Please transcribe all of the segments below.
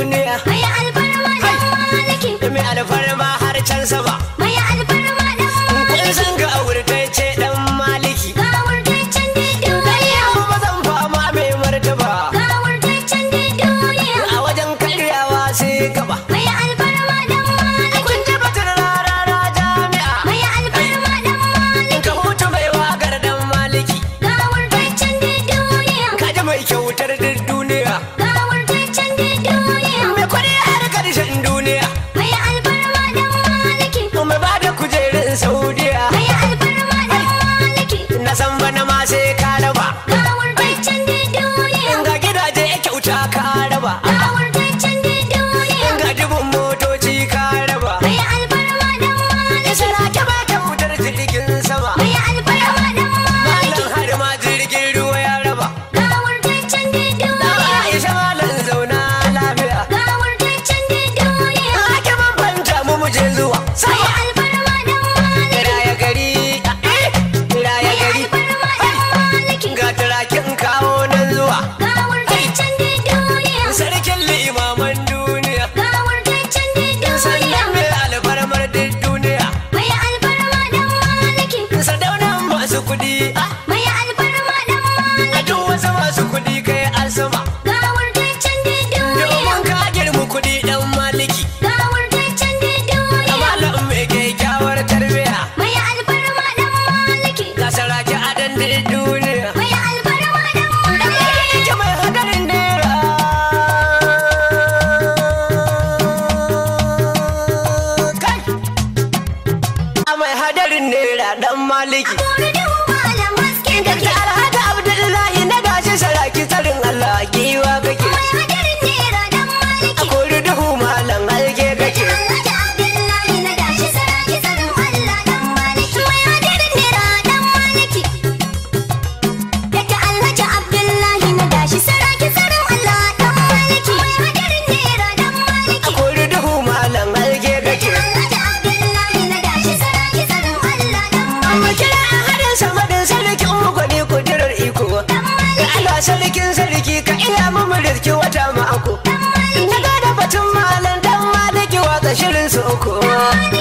duniya ai alfarma da maliki mai alfarma har can sama Maliki. I want it. kowa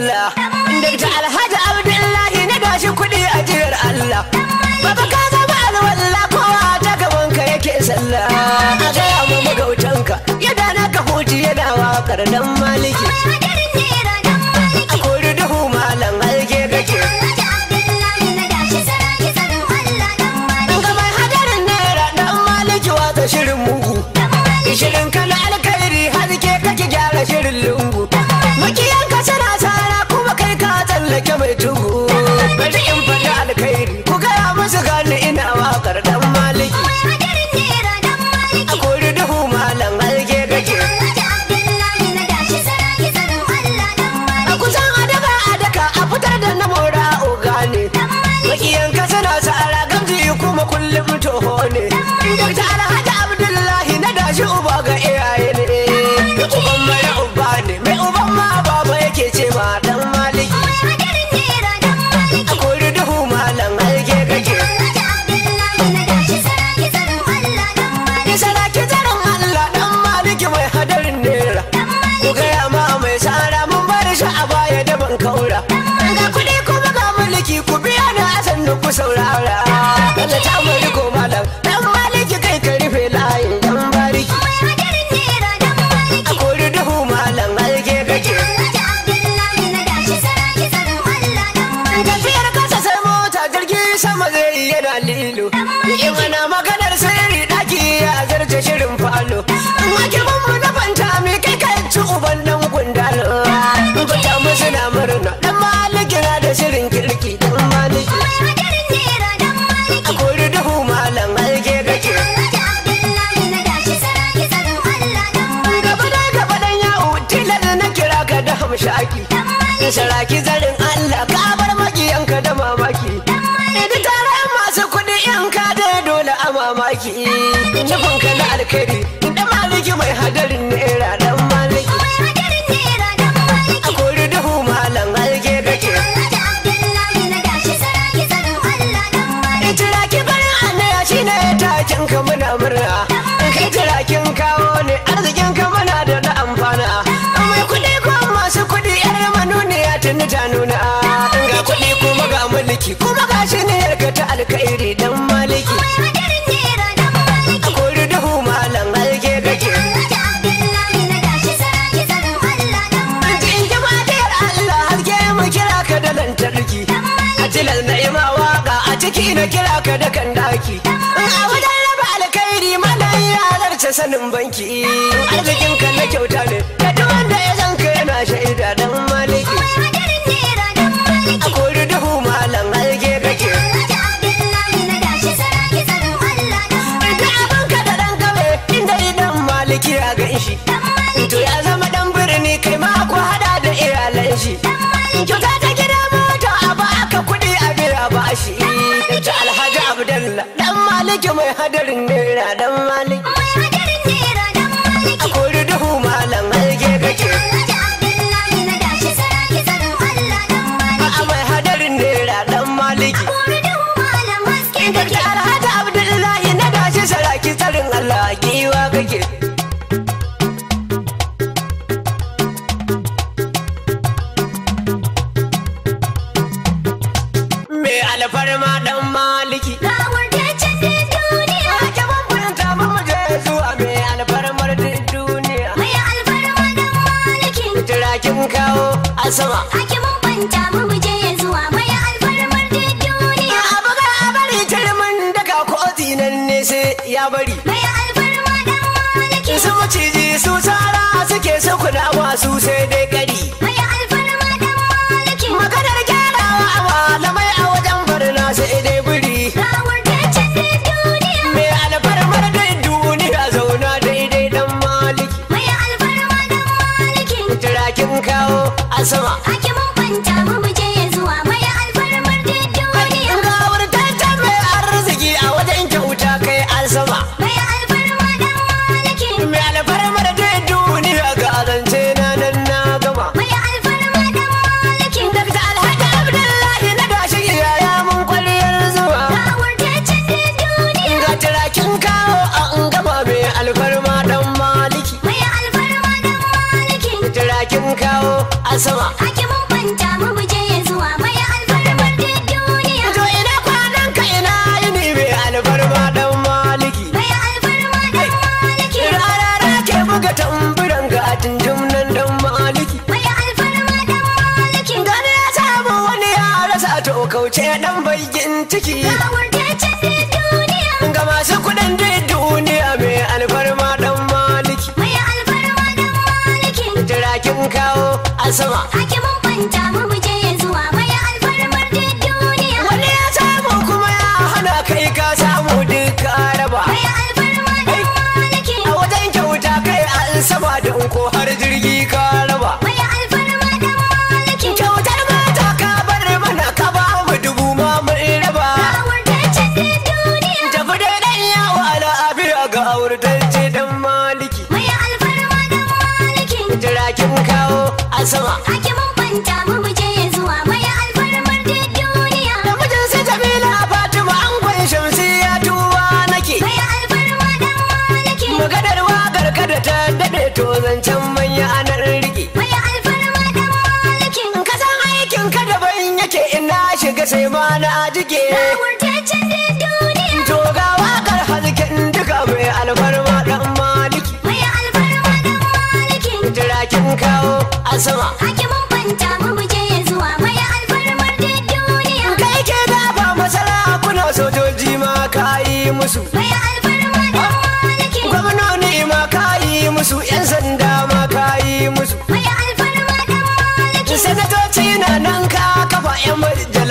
Allah ta Alhaji Abdullahi na gashi kuɗi a jiyar Allah Baba ka zama alwallah kowa ta gaban ka yake sallah A gaya ma magautanka yadda na ka huci yana waƙar nan maliki mu saurara. ta mu sharaki zarin Allah ka bar makiyanka da mamaki Idi tare masu kuɗi in ka da dole a mamaki nufinka na alkhairi da maliki mai hadarin naira dan maliki Mai hadarin naira ciki na kira ka da kan daki a wajen raba alkhairi mana yalarce sanin banki arzikin ka na kyauta ne kike mai hadarin nera dan mali sama Hakimin banta mu ya zuwa mai alfarmar da duniya abu ga bari tirmin daga koti nan ne sai ya bari mai alfarma dan maliki su ciji su tsara suke su kudawa su sai dai yau kauce dan baigin ciki ga masu kudin da duniya mai alfarma dan maliki mai alfarma dan maliki jirakin kawo a sama mai a jike Gawurtaccen da duniya wakar halken alfarma dan maliki alfarma dan maliki kawo a sama mu zuwa alfarmar duniya Kai ke dafa masala sojoji ma ka musu alfarma dan maliki ma musu 'yan sanda ma ka musu alfarma dan maliki Sanatoci na nan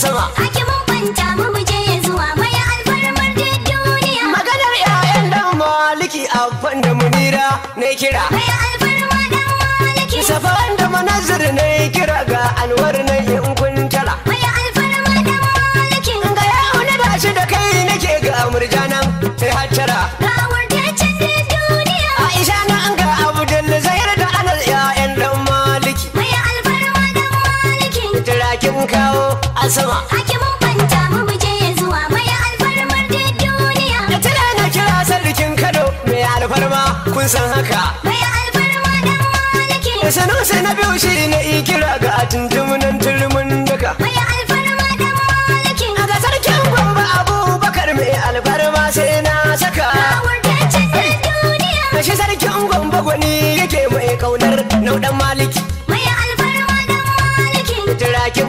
sama Haki mun banta mu muje zuwa maya alfarmar da duniya Maganar 'ya'yan dan maliki abban da munira ne kira Maya alfarma dan maliki Safan da manazir ne kira ga alwar kun san haka. Mai alfarma dan maliki. Da sanu na biyu shi na yi kira ga tuntumin turmin daga. Mai alfarma dan maliki. A ga sarkin mai alfarma sai na saka. Da shi sarkin yake mai kaunar nau'dan maliki. alfarma dan maliki. Turakin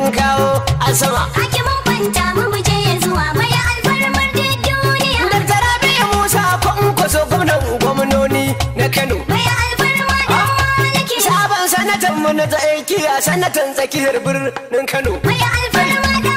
a sama kake mun banta mu muje zuwa mai alfarmar da duniya daktara bi musa kun kwaso gwamnan gwamnoni na kano mai alfarma da maliki ah. sabon sanatan mu na tsakiya sanatan tsakiyar birnin kano mai alfarma da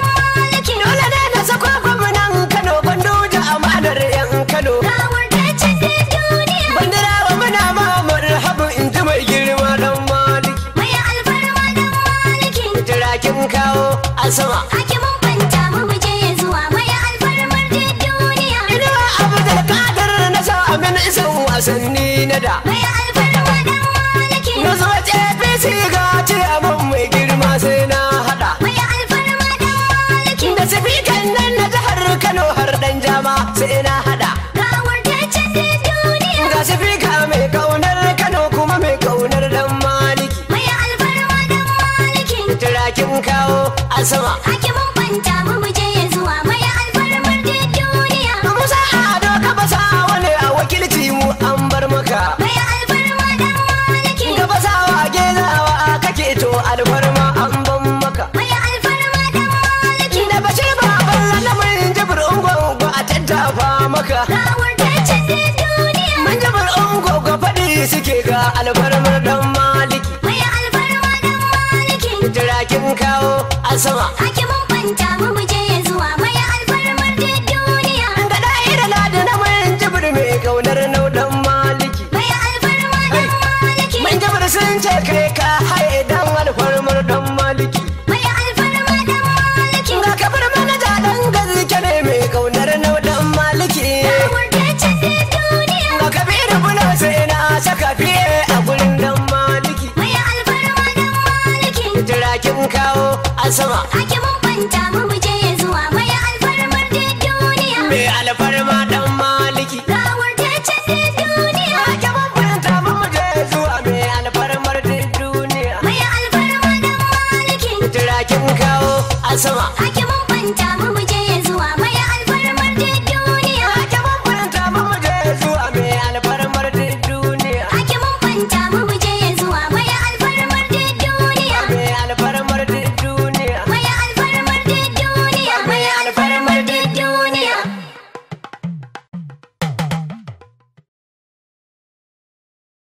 a sama ake mun fanta mu muje zuwa mai alfarmar da duniya ina abdul kadir na sa amin isan wasanni na da mai alfarmar da maliki na zuwa tsaye sama hakimin mun banta mu muje ya zuwa mai alfarmar da duniya musa a ado ka basa wani a wakilci mu an bar maka mai alfarma dan maliki ka basa wa gezawa kake to alfarma an ban maka mai alfarma dan maliki na bashi na mun jibir ungon ba a tattafa maka kawar da can duniya mun jibir ungon ga faɗi suke ga alfarma a sama. kin kawo a sama. Hakimin banta